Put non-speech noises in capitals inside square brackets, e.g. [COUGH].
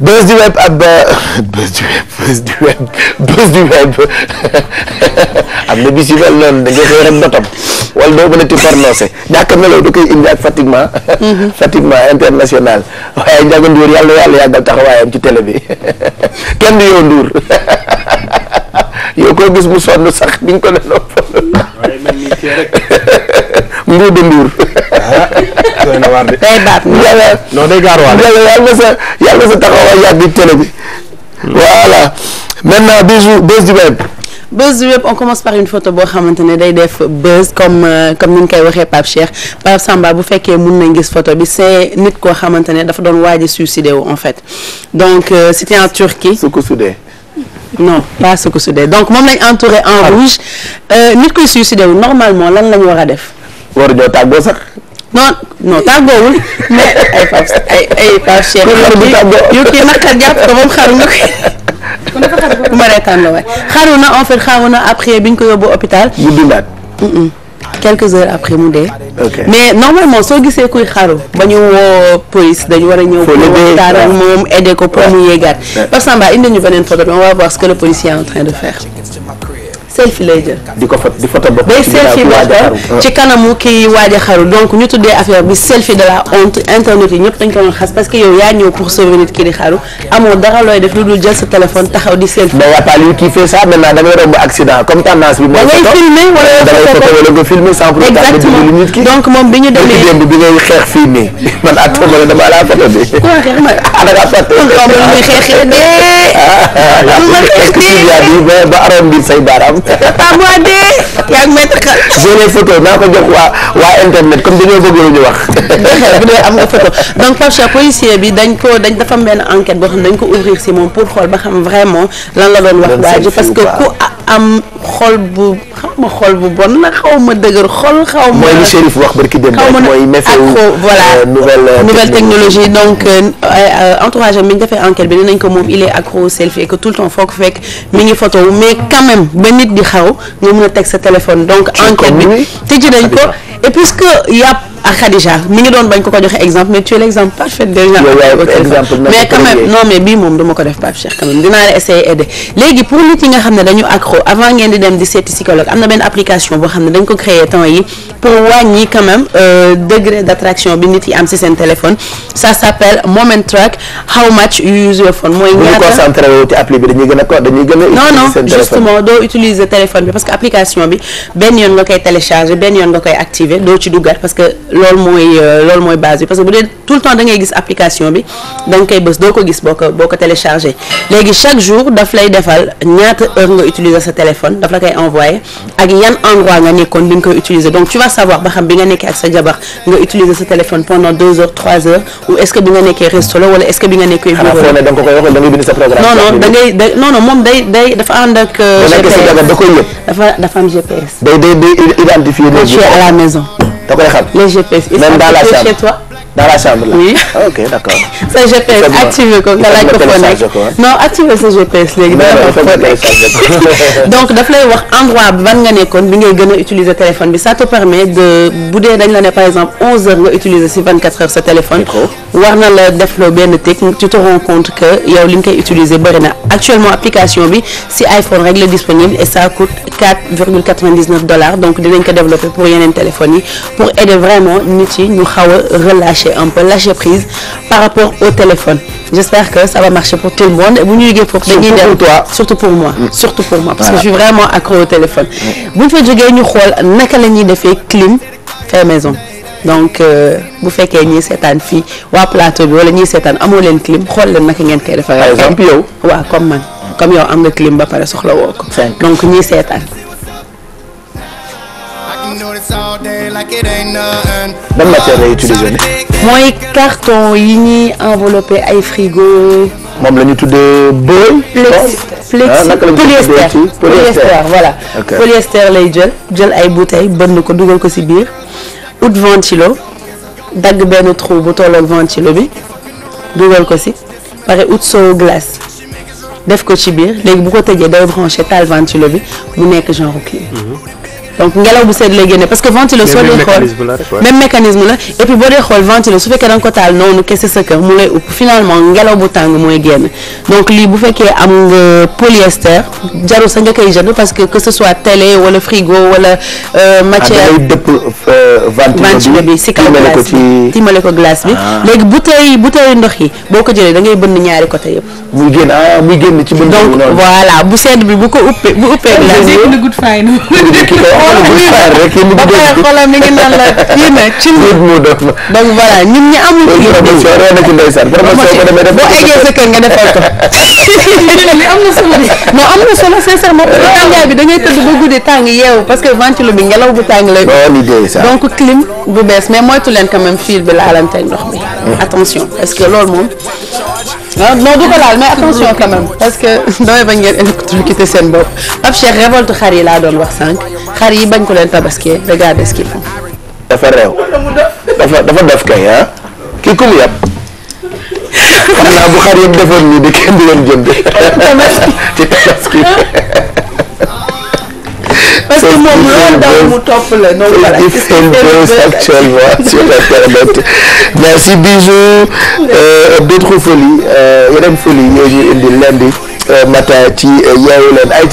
buzz du web ab euh, buzz du web buzz du web buzz du web am na bis yu noonu da ngay koy rek botom wala doo mën a ti prononcé ñàkk a melaw koy indi ak fatiguement mhm. fatiguement international waaye Ndiaga Ndour yàlla yàlla yàggal taxawaayam ci télé bi kenn du yow Ndour yow koo gis mu sonn sax bi ko ne noppal Mbodj Ndour. ah doy na day baat Ndiaye. non de. yàlla na sa yàlla na sa taxawaay bi. Hmm. voilà maintenant bisu bés du web. buzz du web on commence par une photo boo xamante ne day def buzz comme euh, comme ni ñu koy waxee Pape Cheikh Pape Samba bu fekkee mun nañ gis photo bi c'est nit koo xamante ne dafa doon waaj a suicidé wu en fait donc euh, c'était en Turquie. su ko sudee. non pas su ko sudee donc moom lañ entouré en ah. rouge euh, nit koy suicidé wu normalement lan la ñu war a def. war ñoo tàggoo sax. non non tàggoowul mais ay Pape ay ay Pape Cheikh. yu kii nag xar jàpp ko moom xaru nga ko. [LAUGHS] ma reetaan la waay xaru na en fait xaru na après bi ñu ko yóbbu hôpital. mu dundaat. quelques heures après mu dee. mais normalement soo gisee kuy xaru ba ñu woo police dañu war a ñëw. foo waxtaan ak moom aider ko pour mu yeggaat. Pape Samba indi ñu beneen photo bi on va voir ce que le policier est en train de faire. selfie lay jël. di ko fa di foto bopp ci kanamu kii waaj a xaru donc ñu tuddee affaire bi selfie de la internet yi ñëpp dañ ko doon xas parce que yow yaa ñëw pour sauver nit ki di xaru amoo dara looy def lu dul jël sa téléphone taxaw di selfie. mais a pas lui qui fait ça a da ngay romb bi. mooy foto da ngay filmer wala da foto wala nga filmer sans pour autant exactement nit ki bi ñu demee démb bi ngay xeex [LAUGHS] ah, la foto [LAUGHS] ah, bi. waaw xeex ma dama foto bi. Ah, xeex de. am na xeex de ba aroon say baaraam Papa Boisdé yaa ngi mettre xel. j'ai les photos naa ko jox waa waa internet comme dañoo bëgg lu ñu wax. [LAUGHS] bu dee am nga photo donc Pape Cheikh policier bi dañ ko dañ dafa am benn enquête boo xam ne dañ ko ouvrir si moom pour xool ba xam vraiment lan la doon wax. waa ji parce que ku am xol bu xaw ma xol bu bon na xaw ma dëgër xol. xaw ma mooy li Chérif wax barki dem rek mooy méféw euh, nouvelle euh, nouvelle donc euh, entourage am bi ñu defee enquête bi dinañ ko moom il est accro au selfie et que tout le temps foo fekk mi ngi photo mais quand ba nit di xaw nga mën a teg sa téléphone. donc enquête bi tijji nañ ko et puisque yàpp. ak ah, Khadija mi ngi doon bañ ko ko joxe exemple mais tu es l' exemple parfait déjà. mais quand non mais bii moom duma ko def Pape Cheikh quand ne dañu accro avant ngeen di dem di seeti psychologue am na benn application boo xam ne dañ ko créé temps yi pour wàññi quand même euh, degré d'attraction bi nit yi am ci seen téléphone ça s'appelle moment track how much you use your phone. mooy ñaata bu ñu concentré wu ci appli bi dañuy gën a dañuy gën a. utiliser seen téléphone non non justement doo utiliser téléphone bi parce que application bi benn yoon nga koy télécharger benn yoon nga koy activer doo ci duggaat parce que loolu mooy euh, loolu mooy base bi parce que bu dee tout le temps da ngay gis application bi da nga koy bës doo ko gis boo ko boo ko télécharger léegi chaque jour daf lay defal ñaata heure nga utiliser sa téléphone daf la koy envoyer ak yan endroit nga nekkoon bi nga koy utiliser donc tu vas savoir ba xam bi nga nekkee ak sa jabar nga utiliser sa téléphone pendant deux heures trois heures ou est-ce que bi nga nekkee resto la wala est-ce que bi nga nekkee bureau la da nga non non day day dafa ànd ak euh, GPS dafa dafa am day day day identifier la maison da koy xam les GPS même dans la salle chez toi dans la chambre là oui ok d' sa GPS activé ko nga laaj sa GPS léegi. dina ko fone donc endroit bi ban nga nekkoon bi ngay gën a utiliser téléphone bi ça te permet de bu dee dañ la ne par exemple 11h nga utiliser si 24h sa téléphone. war na def loo benn technique tu te rends que yow li nga koy utiliser bëri actuellement application bi si iPhone rek disponible et ça coûte dollars donc dinañ ko développer pour yeneen téléphones yi pour aider vraiment nit yi ñu lâcher un peu lâcher prise par rapport au téléphone j'espère que ça va marcher pour tout le monde bu ñu jógee foofu dañuy dem surtout pour moi mm. surtout pour moi parce que je suis vraiment accro au téléphone mm. bu ñu fa jógee ñu xool naka la ñuy defee clim fait maison donc euh, bu fekkee ñiy seetaan fii waa plateau bi wala ñiy seetaan amoo leen clim xool leen naka ngeen koy defaree par exemple yow waaw comme man comme yow am nga ba pare soxla woo ko donc ñiy seetaan ban matière lay utiliser ni yi ñuy enveloppé ay frigo moom la ñu tuddee booy. plexi plexi polyester lay jël jël ay bouteilles bënn ko dugal ko ci biir ut ventilo dagg benn trou bu tolloog ventilo bi dugal ko ci pare ut so glace def ko ci biir léegi bu ko tëjee day branché taal ventilo bi mu nekk genre kii. Mhm. donc ngelaw bu sedd la génne parce que ventilo soo dee xool même mécanisme la et puis boo dee xool ventilo su fekkee da nga ko taal noonu kese sa kër mu lay upp finalement ngelaw bu tàng mooy génn donc lii bu fekkee am nga polyester jarul sa nga koy jënd parce que que ce soit télé wala frigo wala euh, ah, matière euh, ventilo bi si kaw glace timale ko glace bi ah. léegi bouteille bouteille ndox yi boo ko jëlee da ngay bënn ñaari côté yëpp muy génn ah muy génn ci. bënd donc voilà bu sedd bi bu ko uppee bu uppee glace bi. [LAUGHS] xoolal good fine rek yéen a ngi naan la kii na ci donc voilà ñun ñi amul. kii na ci ndeysaan boo eggee sa kër nga defal ko. [LAUGHS] am na solo [LAUGHS] non am na solo sincèrement ah. tàngaay bi da ngay tëdd ba guddi tàng yeewu parce que ventilo bi ngelaw bu tàng lay. donc clim bu bees mais moytu leen quand même fil bi laalante ndox bi. Hmm. attention parce que loolu moom. ah non du ko laal mais attention quand parce que [LAUGHS] damay bañ ngeen électrocuté seen bopp Pape Cheikh révolte xar yi laa doon wax sànq xar yi bañ ko leen tabaskee regardez ce qu'ils font. dafa réew de dafa def kay ah kii ku mu yàpp [LAUGHS] xam naa bu xar yëpp defoon nii di kenn [LAUGHS] que moom loolu daal mu topp la noonu la actuellement sur internet merci bisous euh, d'autres folies euh, yeneen folies yooyu ñu indi lundi euh, matin ci yeewu leen ay